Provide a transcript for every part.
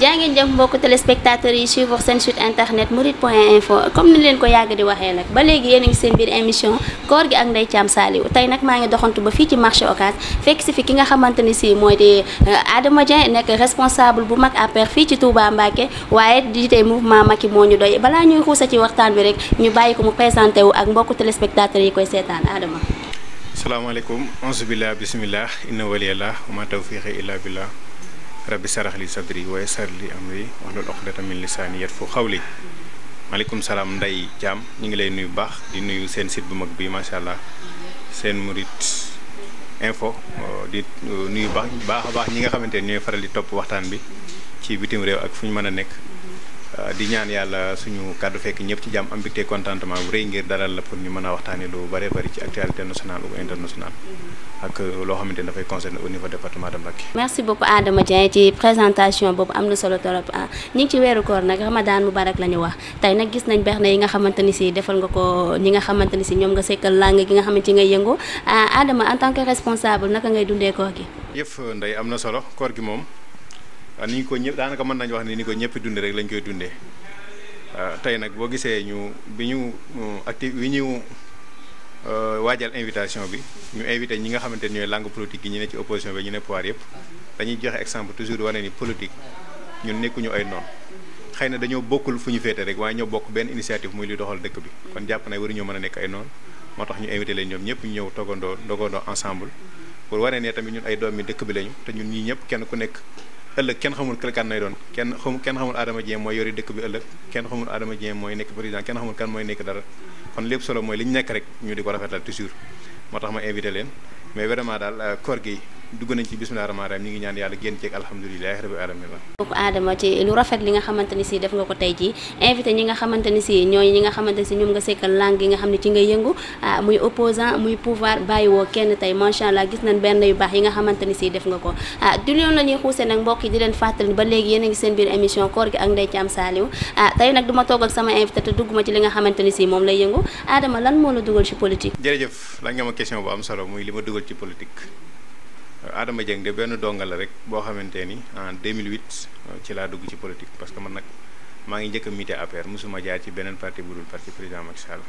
jaa ngeen jëf mbokk téléspectateurs yi suivre seen site internet murid point info comme ni leen ko yàgg di waxee nag ba léegi yéen a ngi seen biir émission koor gi ak Ndeye Thiam Saliou tey nag maa ngi doxantu ba fii ci marché Ocass fekk si fi ki nga xamante ni si mooy di euh, Adama Dieng nekk responsable bu mag APR fii ci Touba Mbacké waaye di tey mouvement Macky moo ñu doy balaa ñuy xuusa ci waxtaan bi rek ñu bàyyi ko mu présenté wu ak mbokk téléspectateurs yi koy seetaan Adama. salaamaaleykum. ansubillah bismillah inna waliyallah wa ma tawfiqi illa billah rabbi sarax li sa sadri wa yassir li amri wahlul uqdatan min lisaani xaw qawli maaleykum salaam nday jaam ñu ngi lay nuyu bu baax di nuyu seen site bu mag bi macha allah seen murit info euh, di euh, nuyu baax baax a baax ñi nga xamante ne ñooy faral di topp waxtaan bi ci bitim réew ak fu ñu mën a nekk. Euh, di ñaan yàlla suñu kàddu fekk ñëpp ci jàmm am mbégte contentement bu rëy ngir dalal la pour ñu mën a waxtaanee lu bëree bëri ci actualité nationale ou internationale ak loo xamante ni dafay concerné au niveau département de Mbacké. merci beaucoup Adama Dieng ci boobu am na solo torop ah, ñi ngi ci weeru koor nag Ramadan Mubarak la ñu wax tey nag gis nañ berne yi nga xamante ni si defal nga ko ñi nga xamante ni si ñoom nga sekkal làng gi nga xamante ci ngay yëngu ah, Adama en tant que responsable naka ngay dundee koor gi. yëf ndey am na solo koor gi moom. ni ñu ko ñëpp daanaka mën nañu wax ni ni ko ñëpp dundee rek lañ koy dundee tey nag boo gisee ñu bi ñu uh, active bi ñu uh, waajal invitation bi ñu invité ñi nga xamante ni ñooy langue politique yi ñu ne ci opposition bi ñu ne pouvoir yëpp dañuy joxe exemple toujours wane ni politique ñun nekkuñu ay noon xay na dañoo bokkul fu ñu féete rek waaye ñoo bokk benn initiative muy luy doxal dëkk bi kon jàpp na waruñoo mën a nekk ay noon moo tax ñu invité leen ñoom ñëpp ñu ñëw toggandoo ndogandoo ensemble pour wane nee tamit ñun ay doom yi dëkk bi lañu te ñun nii ñëpp kenn ku nekk ëllëg kenn xamul kan nay doon kenn xamul kenn xamul Adama Dieng mooy yori dëkk bi ëllëg kenn xamul Adama Dieng mooy nekk président kenn xamul kan mooy nekk dara kon lépp solo mooy li ñu nekk rek ñu di ko rafetal toujours moo tax ma invité leen mais vraiment daal euh, kor gi dugg nañ ci bismillah rahmaan rahim ñu ngi ñaan yàlla génn ceeg alhamdulilahi rabi alamin ci lu rafet li nga xamante ni si def nga ko tey jii invité ñi nga xamante ni si ñooñu ñi nga xamante si ñoom nga sekkal langue yi nga xam ne ci nga yëngu ah, muy opposant muy pouvoir bàyyi woo kenn tey macha allah gis nañ benn yu baax yi nga xamante ni si def nga ko ah du loolu la ñuy xuusee leen fàttali ba léegi yéen a ngi seen biir émission koor gi ak ah, ma toog sama invité te ma ci li nga xamante ni si moom lay yëngu aadama lan moo la dugal ci politique jërëjëf la nga ma question bu am solo muy li ma dugal ci politique Adama Dieng de benn donga la rek boo xamante ni en 2008 euh, ci laa dugg ci politique parce que man nag maa ngi njëkk a miite APR mosuma jaar ci beneen parti bu dul parti président Macky Sall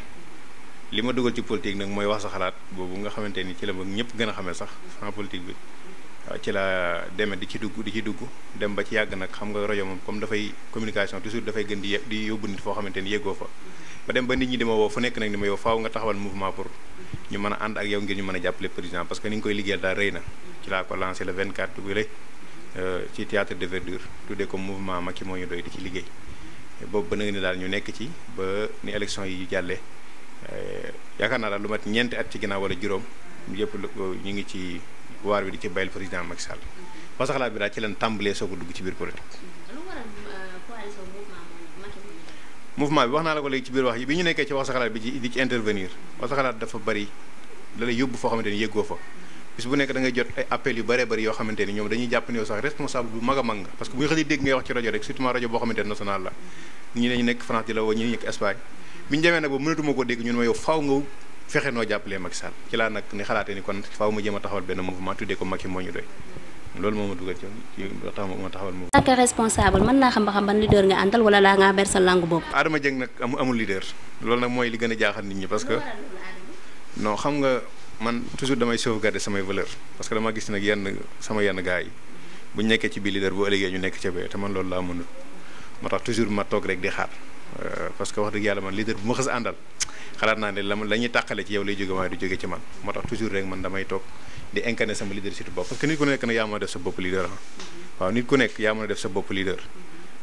li ma dugal ci politique nag mooy wax sa xalaat boobu nga xamante ni ci la ma ñëpp gën a xamee sax sama politique bi Euh, ci laa deme di ci dugg di ci dugg dem ba ci yàgg nag xam nga rajo moom comme dafay communication toujours dafay gën di di yóbbu nit foo xamante ni yéegoo fa ba dem ba nit ñi di ma woo fu nekk nag ni ma yow faaw nga taxawal mouvement pour ñu mën a ànd ak yow ngir ñu mën a jàppale président parce que ni nga koy liggéeyal daal rëy na ci laa ko lancé le 24 juillet euh, ci théâtre de verdure tuddee ko mouvement Macky moo ñu doy di ci liggéey boobu ba nga daal ñu nekk ci ba ni élection yi euh, yaakaar naa daal lu mat ñeenti at ci ginnaaw wala yëpp ñu ngi ci waar bi di ci bayal président Macky Sall parce mhm. bi daal ci leen tàmbalee soo ko dugg ci biir politique. Mhm. Euh, mouvement bi wax naa la ko léegi ci biir wax bi ñu nekkee ci wax sa xalaat bi ci di ci intervenir mhm. wax dafa bari da yóbbu foo xamante ni fa bis bu nekk da jot ay yu bëree bëri yoo xamante ñoom dañuy jàpp ne yow sax responsable bu mag a mag nga parce que bu ñu xëy dégg ngay wax ci rajo rek surtout rajo boo xamante nekk France di la woo ñi nekk Espagne ñu demee nag nga fexe noo jàppalee Macky Sall ci laa nag ni xalaatee ni kon faaw ma jéem a taxawal benn mouvement tuddee ko Macky moo ñu doy loolu moo ma dugal ci ci tax ma taxawal mouvement. en tant que responsable mën naa xam ba mooy li gën a jaaxal nit ñi parce que non xam nga man toujours damay sauvegarder samay valeur parce que dama gis nag yenn sama yenn yi bu ñu ci biir leader bu ëllëgee ñu nekk ca te man loolu laa mënul moo tax toujours ma toog rek di xaar. Euh, parce que wax deug yalla man leader bu ma xass andal xalat na ne lañu takale ci yow lay joge ma du joge ci man motax toujours rek man damay tok di incarner sama leader ci bop parce que nit ku nek na yama def sa bop leader ah. wa nit ku nek yama def sa bop leader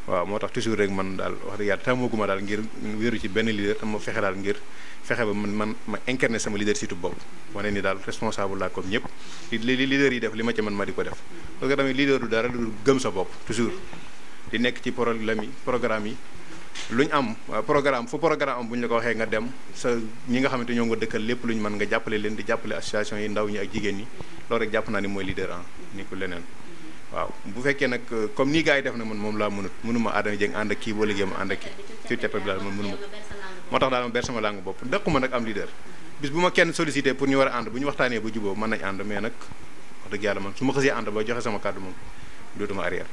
wa motax toujours rek man dal wax deug yalla tamo guma dal ngir wëru ci ben leader tam ma fexe daal ngir fexé ba man man ma incarner sama leader ci bop wane ni dal responsable la ko ñep li leader yi def li ma ci man ma di ko def parce que tamit leader du dara du gëm sa bop toujours di nek ci problème yi programme yi lu ñu am euh, programme fu programme am bu ñu la ko waxee nga dem sa ñi nga xamante ñoo nga dëkkal lépp lu ñu mën nga jàppale leen di jàppale association yi ndaw ñi ak jigéen ñi loolu rek jàpp naa ni mooy leader ah ni ko leneen waaw bu fekkee nag euh, comme nii gars yi def na man moom laa mënut mënuma Adama Dieng ànd ak kii boo liggéey ma ànd ak kii ci cappa bi daal man mënuma moo tax daal ma ber sama langue bopp dëkkuma nag am leader bis bu ma kenn sollicité pour ñu war a ànd bu ñu waxtaanee ba juboo mën nañ ànd mais nag wax dëgg ma xësee ànd ba joxe sama kàddu moom dootuma arrière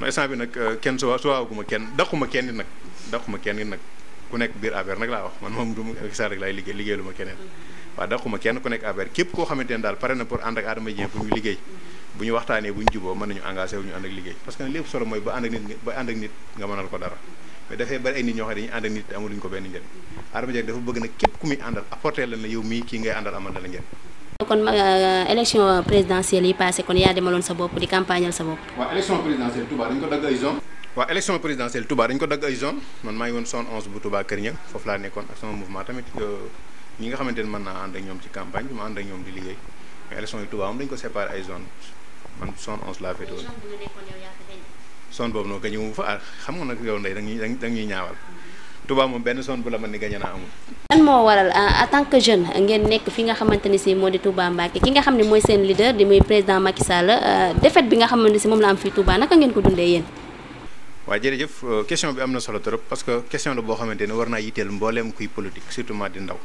ma instant bi nag euh, kenn soo suwaaguma kenn daquma kenn nag daquma kenn nag ku nekk biir affaire nag laa wax man moom du Macky Sall rek laay liggéey liggéeyalu ma keneen waaw daquma kenn ku nekk affaire képp koo xamante ne daal pare na pour ànd ak Adama Dieng pour ñu liggéey bu ñu waxtaanee bu ñu juboo mën nañu engagé wu ñu ànd ak liggéey parce que lépp solo mooy ba ànd ak nit ba ànd ak nga mënal ko dara mais dafay bari ay nit ñoo xam ne ànd ak nit amal na la njëriñ kon euh, élection présidentielle yi passé kon yaa demaloon sa bopp di campagnal sa bopp. waaw élection présidentielle Touba dañ ko dagg ay zone. waaw élection présidentielle Touba dañ ko dagg ay zone man maa ngi woon zone onze bu Touba Kër Ñang foofu laa nekkoon ak sama mouvement tamit ñi nga xamante ne mën naa ànd ak ñoom ci campagne bi ma ànd ak ñoom di liggéey mais élection yi moom dañ ko séparé ay zone man zone onze laa féetewoon. zone boobu noonu kañ mu fa ah, xam nga nag yow ndey da nga ñuy da ñuy ñaawal. tuba mom ben son bu la man ni gañe amul lan mo waral euh, en tant que jeune ngeen nek fi nga xamanteni ci modi moo di Touba Mbacké ki nga xamni moy sen leader di moy president Macky Sall euh, defet bi nga xamanteni ni si la am fi Touba naka ngeen ko dundee yéen waaw jërëjëf euh, question bi amna solo trop parce que question la bo xamanteni warna yitel mbollem kuy politique surtout ma di ndaw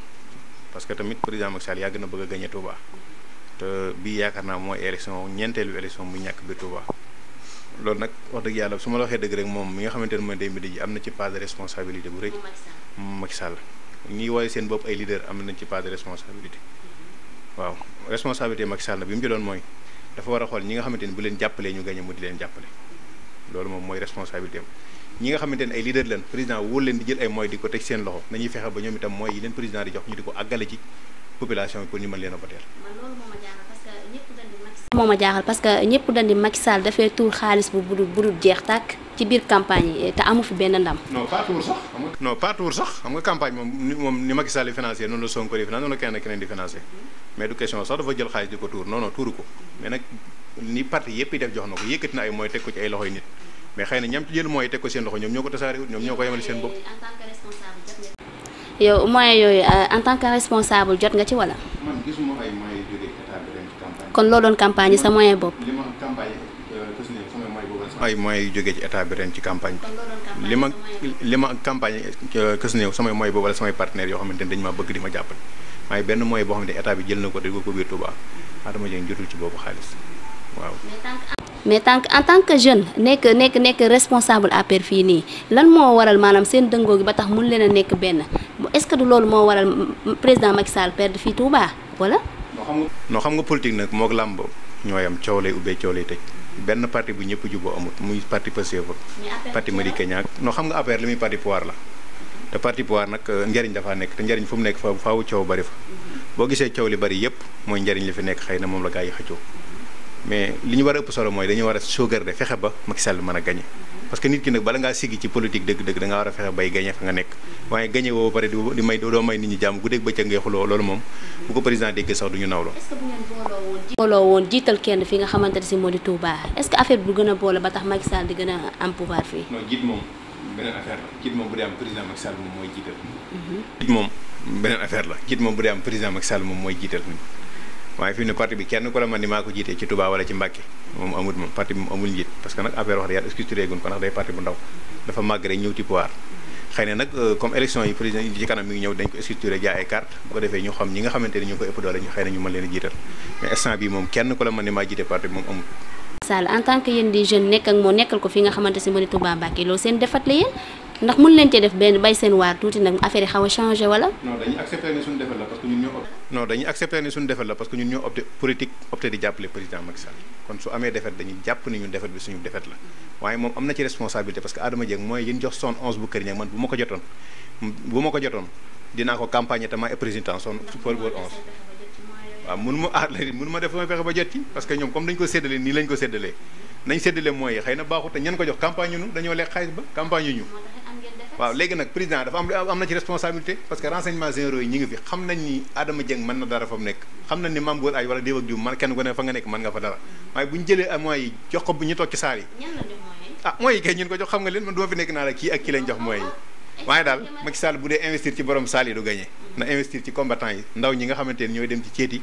parce que tamit président Macky Sall yaa gën bëgg a gañe Touba te bi yakarna mo élection ñentelu élection bu ñak bi Touba loolu nag wax dëgg yàlla su ma la waxee dëgg rek moom mi nga xamante ne mooy Ndeye Mbédé ji am na ci part de responsabilité bu rëy Macky Sall ñi wooye seen bopp ay leader am nañ ci part de responsabilité mm-hmm. waaw responsabilité Macky Sall na bi mu ci doon mooy dafa war a xool ñi nga xamante ne bu leen jàppalee ñu gañe mu di leen jàppale loolu moom mooy responsabilité am ñi nga xamante ne ay leader leen président wóolu leen di jël ay moyens di ko te seen loxo nañuy fexe ba ñoom itam moyens yi leen président di jox di ko àggale ci population bi pour leen a boteel moo ma jaaxal parce que ñëpp dañ di Macky dafay tuur xaalis bu budul budul jeex tàkk ci biir campagne yi te amu fi benn ndam. non pas sax xam nga. sax xam nga campagne moom ni moom di financé noonu la Sonko di financé noonu la keneen di financé mais du sax dafa jël xaalis di ko tuur non tuuru ko mais nag ni parti yëpp def jox na ko yëkkati na ay mooy teg ko ci ay loxoy nit mais na ñam ci jël mooy teg ko seen loxo ñoom ñoo ko tasaarewut ñoom ñoo ko yemale seen bopp. yow moyens yooyu euh, kon lo doon campagne sa moyen bop campagne euh, ay moy joge ci état bi ren ci campagne lima lima campagne kës néew euh, samay wala sama partenaire yo xamanteni dañ ma bëgg di ma jappal may benn moy bo xamanteni ne état bi jël nako ko ko biir Touba Adama jëng jottul ci bop xaliss waaw mais tank en tant que jeune nek nek nek responsable à perfini lan mo waral manam sen dëngoo gi ba tax mun leena nek ben est ce que du loolu mo waral président Macky Sall perdre fi Touba wala non xam nga politique nag moog làmb ñooyam coow lay ubbee coow lay tëj benn parti bu ñëpp juboo amut muy parti Pastef ak parti Madické Niang non xam nga affaire li muy parti poir la te parti pouvoir nag euh, njariñ dafaa nekk te njariñ fu mu nekk fa faw coow bari fa mhm. boo gisee coow li bari yépp mooy njariñ li fi nekk xëy na moom la gaa yi xëccoo mais li ñu war a ëpp solo mooy dañu war a sauvegarder fexe ba Macky Sall mën a gañe parce que nit ki nag bala ngaa siggi ci politique dëgg-dëgg da war a fexe bay gañe fa nga nekk waaye gañe woo pare di may doo may nit ñi jàmm guddeeg bëccëg ngay xuloo loolu moom bu ko président dégg sax du nawloo. jiital kenn fi nga xamante ne si moo di Touba est-ce que affaire bu gën a boole ba tax Macky Sall di gën a am pouvoir fii. non jiit moom beneen affaire bu dee am président moom mooy jiital. Mhm. jiit waaye fi ne parti bi kenn ku la man ni maa ko jiitee ci Touba wala ci Mbàkke moom amul moom parti bi moom amul njiit parce euh, a jiital bi moom kenn ku la man ni maa jiite parti bi moom amul Sall en tant que yéen di jeune nekk ak nekkal ko fi nga xamante si moo ne Touba loolu seen defat la yéen ndax mun leen cee def benn bay seen waar tuuti nag affaire yi xaw a changé wala. non dañuy accepté ne suñu defal la parce que ñun ñoo opté. non dañuy accepté ne suñu defal la parce président Macky kon su amee defet dañuy jàpp ni ñun defet bi suñu defeet la waaye moom am na ci responsabilité parce que Adama Dieng mooy yéen jox son 11 bu kër man bu ma ko jotoon bu ma ko jotoon dinaa ko campagne te maay président son Super Bowl 11. waaw mënu ma aar la nii lañ ko séddalee nañ séddale moyens yi xëy na baaxut te ñan ko jox campagne ñu dañoo lekk xaalis ba campagne ñu waaw léegi nag président dafa am am na ci responsabilité parce que renseignement généraux yi ñu ngi fi xam nañ ni Adama Dieng mën na dara fa mu nekk xam nañ ni Mame Goor Aye wala diw ak diw man kenn ku ne fa nga nekk mën nga fa dara waaye bu ñu jëlee moyens yi jox ko bu ñu toog ci saar yi ah moyens yi kay ñun ko jox xam nga leen man duma fi nekk naa la kii ak kii lañ jox moyens yi waaye daal Macky Sall bu borom saal yi du gagné na yi ndaw ñi nga xamante ne ñooy dem ci céet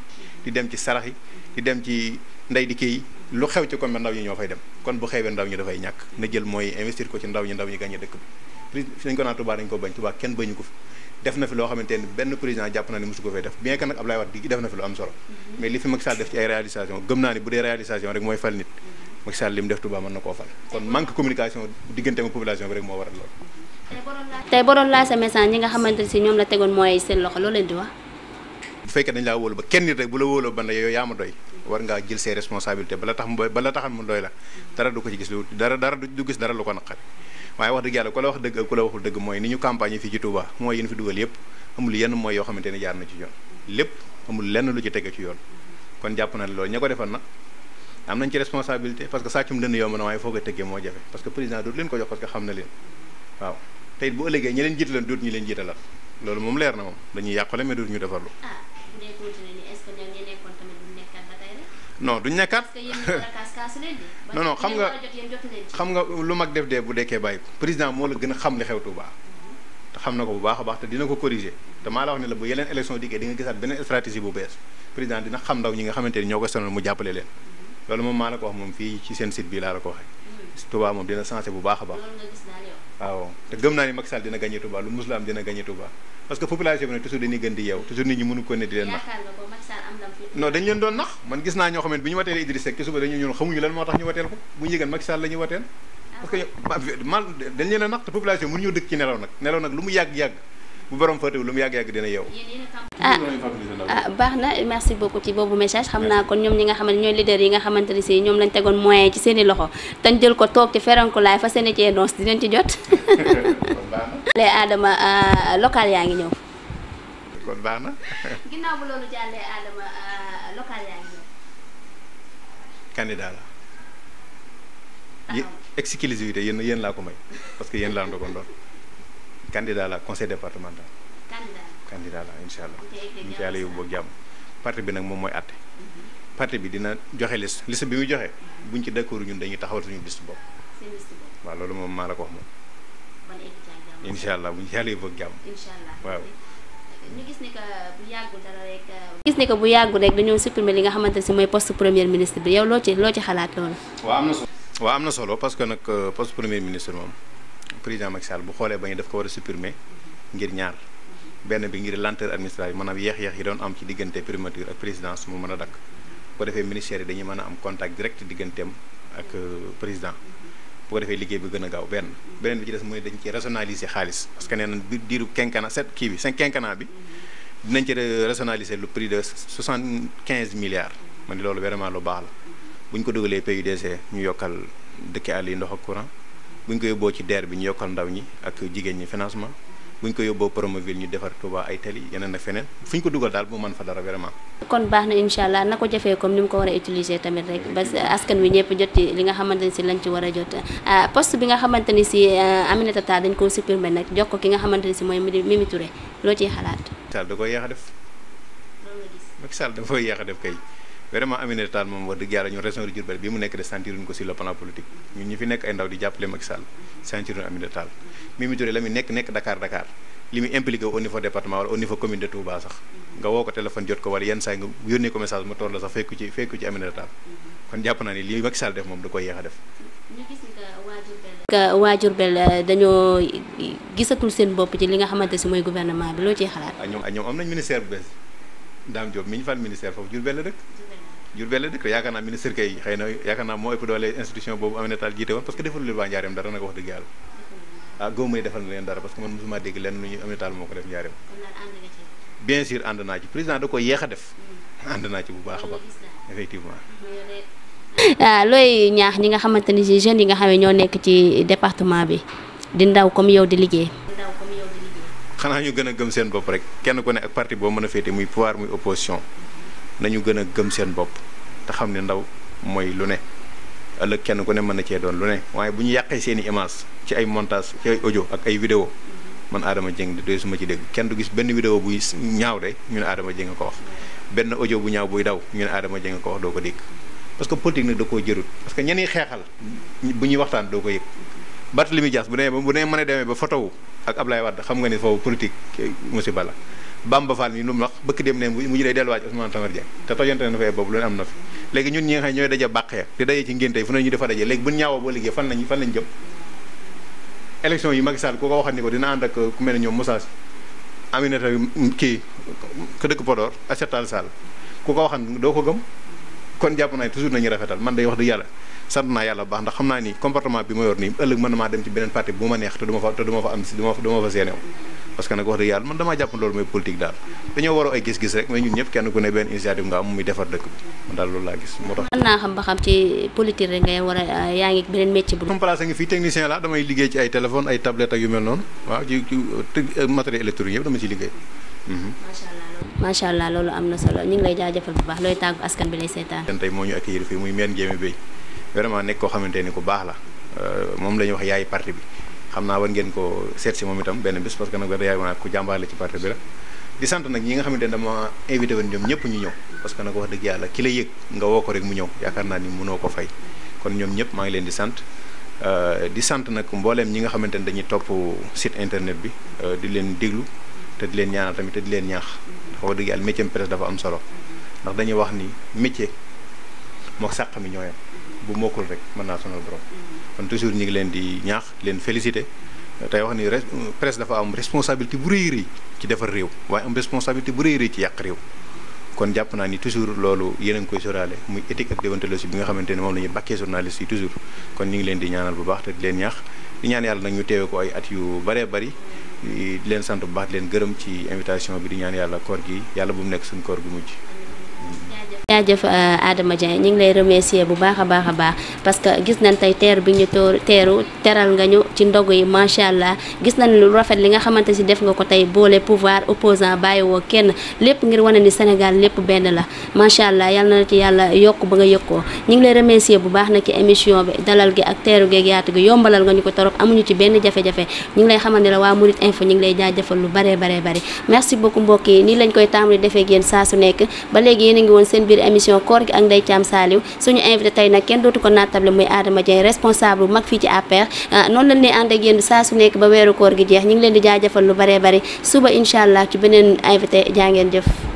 dem ci sarax di dem ci ndey di kii lu xew ci commune ndaw ñi ñoo fay dem kon bu xewee ndaw ñi dafay ñàkk na jël mooy investir ko ci ndaw ñi ndaw ñi gàññe dëkk bi fi nañ ko naan Touba dañ ko bañ Touba kenn bañu ko fi def na fi lu am solo mm-hmm. mais li fi Macky def ci ay réalisation gëm naa ni bu dee réalisation rek mooy fal nit mm-hmm. Macky Sall def Touba mën na koo fal kon mm-hmm. manque communication diggante ma population bi rek moo waral loolu tey boo doon sa message nga xamante si bu fekkee dañ laa wóolu ba kenn nit rek bu la wóoloo ba ne yow yaa ma doy war ngaa jël ses responsabilités bala tax bala taxal mu doy la dara du ko ci gis lu dara dara du gis dara lu ko naqari waaye wax dëgg yàlla ku la wax dëgg waxul dëgg mooy ni ñu campagne fii ci Touba mooy yéen fi dugal yëpp amul yenn mooy yoo xamante ne jaar na ci yoon lépp amul lenn lu ci tege ci yoon kon jàpp na loolu ña ko defal na am nañ ci responsabilité parce que sàccum dënn na waaye foo ko tëggee moo jafe parce que président dootu leen ko jox parce que xam moom leer na moom dañuy yàqule mais dootu ñu ngay du nii est a kaas xam nga xam nga lu mag def dee bu dekkee bàyyi président moo la gën a xam li xew Touba. Mhm. te xam na ko bu baax a baax te dina ko corriger te maa la wax ne la bu yeneen élection dikkee di nga gisaat beneen stratégie bu bees président dina xam ndaw ñi nga xamante ni ñoo ko sonal mu jàppale leen mhm. loolu moom maa la ko wax moom fii ci seen site bi laa la ko waxee Touba moom dina changé bu baax a baax waaw te gëm naa ni Macky Sall dina gagné Touba lu musula am dina gagné Touba parce que population bi nag toujours dañuy gën di yeew toujours nit ñi mënu ko ne di leen nax non dañ leen doon nax man gis naa ñoo xamante bi ñu wateel Idriss Seck ci suba dañu ñun xamuñu lan moo tax ñu wateel ko bu ñu yëgan Macky Sall la ñuy wateel parce que ah man dañ leen a nax te population mënu ñoo dëkk ci nelaw nag nelaw nag lu mu yàgg-yàgg bu borom fàttewul lu mu yàgg yàgg dina yeew. Ah, ah baax na merci beaucoup ci boobu message xam naa kon ñoom ñi nga xamante ñooy leader yi nga xamante si ñoom lañ tegoon moyen ci seeni i loxo dañ jël ko toog ci ferankulaay fa seen i cee noos dinañ ci jot. les Adama ah, yaa ngi ñëw. kon baax na. ginnaaw bu loolu jàllee ah, la. ah yéen exclusivité laa ko may parce que yéen laa ndogoon candidat la conseil départemental. candidat la incha allah. ñu ci yàlla yóbbu boog jàmm. parti bi nag moom mooy àtte. Mhm. parti bi dina joxe liste liste bi muy joxe. Mhm. buñ ci d'accord ñun dañuy taxawal suñu liste bopp. waaw loolu moom maa la ko wax moom. incha allah buñ ci yàlla yóbbu jàmm. waaw. ñu gis ni que bu yàggul dara rek. Euh, dañoo supprimer li nga xamante ne si mooy poste premier ministre bi yow loo ci loo ci xalaat loolu. waaw am na solo. parce que nag euh, poste premier ministre moom. président Macky Sall bu xoolee bañ daf ko war a supprimer ngir ñaar benn bi ngir lenteur administrative maanaam yeex-yeex yi doon am ci diggante primature ak présidence mu mën a dakk bu ko defee ministère yi dañuy mën a am contact direct digganteem ak euh, président bu ko defee liggéey bi gën a gaaw benn beneen bi ci des mooy dañ ci rationaliser xaalis parce que nee na diiru quinquennat sept kii bi cinq quinquennat bi dinañ ci rationaliser le prix de soixante quinze milliards ma ne loolu vraiment lu baax la bu ñu ko dugalee PUDC ñu yokkal dëkki àll yi ndox courant bu ñu ko yóbboo ci DER bi ñu yokkal ndaw ñi ak jigéen ñi financement bu ñu ko yóbboo Promoville ñu defar Touba ay yeneen ak feneen fu ñu ko dugal daal boo mën fa dara vraiment. kon baax na incha allah na ko jafee comme ni mu ko war a utiliser tamit rek ba askan wi ñëpp jot ci li nga xamante ni si lañ ah, nga xamante ni si ah, Aminata Tall ki nga xamante ni si mooy Mimi Touré loo ciy xalaat. Sall da koy yéex def. Macky Sall da koy yéex def kay. vraiment aminé tal mom wax dëgg yàlla ñu région de bi mu nekk de ñu ko ci le plan politique ñun ñi fi nekk ay ndaw di jàppale Macky Sall ñu aminé tal Mimi mi la lami nekk nekk Dakar Dakar limi impliqué au niveau département wala au niveau commune de Touba sax nga woo ko téléphone jot ko wala yeen say nga yoni ko message mu toll la sax fekk ci fekk ci aminé tal kon japp na ni li Macky Sall def moom da koy yéex a def ka wajur bel dañu gisatul seen bop ci li nga xamante si gouvernement bi lo ci xalaat. ñom ah, ñoom ah, ministère bu bes dam job miñ fal ministère fofu Diourbel la Diourbel la dëkk yaakaar naa ministre kay xëy na yaakaar naa moo ëpp doole institution boobu Aminata Tall jiite woon parce que defalul leen waa Njaareem dara nag wax dëgg yàlla ah góob muy defal na leen dara parce que man mosuma dégg lenn lu ñu Aminata Tall moo ko def Njaareem bien sûr ànd naa ci président da ko yeex def mm. ànd naa ci bu baax a baax effectivement ah, looy ñaax ñi nga xamante ni si jeunes yi nga xam ne ñoo nekk ci département bi di ndaw comme yow di liggéey xanaa ñu gën a gëm seen bopp rek kenn ku ne parti boo mën a féete muy pouvoir muy opposition nañu gën a gëm seen bopp te xam ne ndaw mooy lu ne ëllëg kenn ku ne mën na cee doon lu ne waaye bu ñu yàqee seen i ci ay montage ci ay audio ak ay vidéo man Adama Dieng di su suma ci dégg kenn du gis benn vidéo buy ñaaw de ñu ne Adama Dieng ko wax benn audio bu ñaaw buy daw ñu ne Adama Dieng ko wax doo ko dégg parce que politique nag da koo jërut parce que ñeneen xeexal bu ñuy waxtaan doo ko yëg Barthélémy Dias bu nee bu dee mën a demee ba photo wu ak Ablaye Wade xam nga foofu politique eh, musiba la Bamba Fall mi lu max bëkk dem ne mu ñu dee delluwaat Ousmane Tanor Dieng te tojante na fee boobu loolu am na fi léegi ñun ñi nga xam ne ñooy daje bàqee di daje ci ngénte yi fu ne ñu dafa daje léegi buñ ñaawoo boo liggéey fan lañ fan lañ jëm élection yi Macky Sall ku ko waxat ni ko dina ànd ak ku mel ne ñoom Moussa Aminata kii ku dëkk Podor Aïssata Tall saal ku ko waxan doo ko gëm kon jàpp naa toujours nañu rafetal man day wax dëgg yàlla sant naa yàlla baax ndax xam naa ni comportement bi ma yor nii ëllëg mën na maa dem ci beneen parti bu ma neex te duma fa fa seenew parce que nag wax dëgg yàlla man damaa jàpp loolu mooy politique daal dañoo waroo ay gis-gis rek mais ñun ñëpp kenn ku ne benn initiative nga am muy defar dëkk bi man daal loolu laa gis moo tax mën xam ba xam ci politique rek ngay war euh, yaa ngi beneen métier bu sama Mm-hmm. macha allah loolu am na solo ñu ngi lay jaajëfal bu baax looy tàggu askan bi lay seetaan. tey moo ñu accueillir fii muy Mbène Ndiémé Bèye vraiment nekk koo xamante ni ku baax la euh, moom la ñuy wax yaay parti bi xam naa war ngeen ko seet si moom itam benn bis parce que nag war yaay ma ku jàmbaar la ci parti bi la. di sant nag ñi nga xamante ne dama invité woon ñoom ñëpp ñu ñëw parce que nag wax dëgg yàlla ki la yëg nga woo ko rek mu ñëw yaakaar naa ni munoo ko fay kon ñoom ñëpp maa ngi leen di sant euh, di sant nag mbooleem ñi nga xamante ne dañuy topp site internet bi euh, di leen déglu te di leen ñaanal tamit te di leen ñaax ndax wax dëgg yàlla métier presse dafa am solo ndax dañuy wax ni métier moo sàq mi ñooyam bu mokkul rek mën naa sonal borom kon toujours ñu ngi leen di ñaax leen félicité tey wax ni presse dafa am responsabilité bu rëy rëy ci defar réew waaye am responsabilité bu rëy rëy ci yàq réew kon jàpp naa ni toujours loolu yéen a ngi koy soraale muy éthique ak déontologie bi nga xamante ne moom la bàkkee journaliste yi kon ñu ngi leen di ñaanal bu baax te leen ñaax di ñaan yàlla na ñu teewee ko ay at yu bëree bari di leen sant bu baax di leen gërëm ci invitation bi di ñaan yàlla koor gi yàlla bu mu nekk suñu koor gu mujj jaajëf euh, Adama Diagne ñu ngi lay remercier bu baax a baax a baax parce que gis nañ tey teer bi ñu teeru teral nga ñu ci ndogu yi macha allah gis nañ lu rafet li nga xamante si def nga ko tey boole pouvoir opposant bàyyi woo kenn lépp ngir wane ni Sénégal lépp benn la macha allah yal na ci yàlla yokk ba nga yëkkoo ñu ngi lay remercier bu baax na ci émission bi dalal gi ak teeru geeg yaatu gi yombalal nga ñu ko torop amuñu ci benn jafe-jafe ñu ngi lay xamal ne waa Mouride Info ñu ngi lay jaajëfal lu baree baree bëri merci beaucoup mbokk yi a ngi seen émission koor gi ak Ndeye Thiam Saliou suñu invité tey nag kenn dootu ko naatable muy Adama Dieng responsable bu mag fii ci APR ah, noonu lañ leen ànd ak yéen saa su nekk ba weeru koor gi jeex ñu ngi leen di jafal lu bare bari suba incha allah ci beneen invité jaa ngeen jëf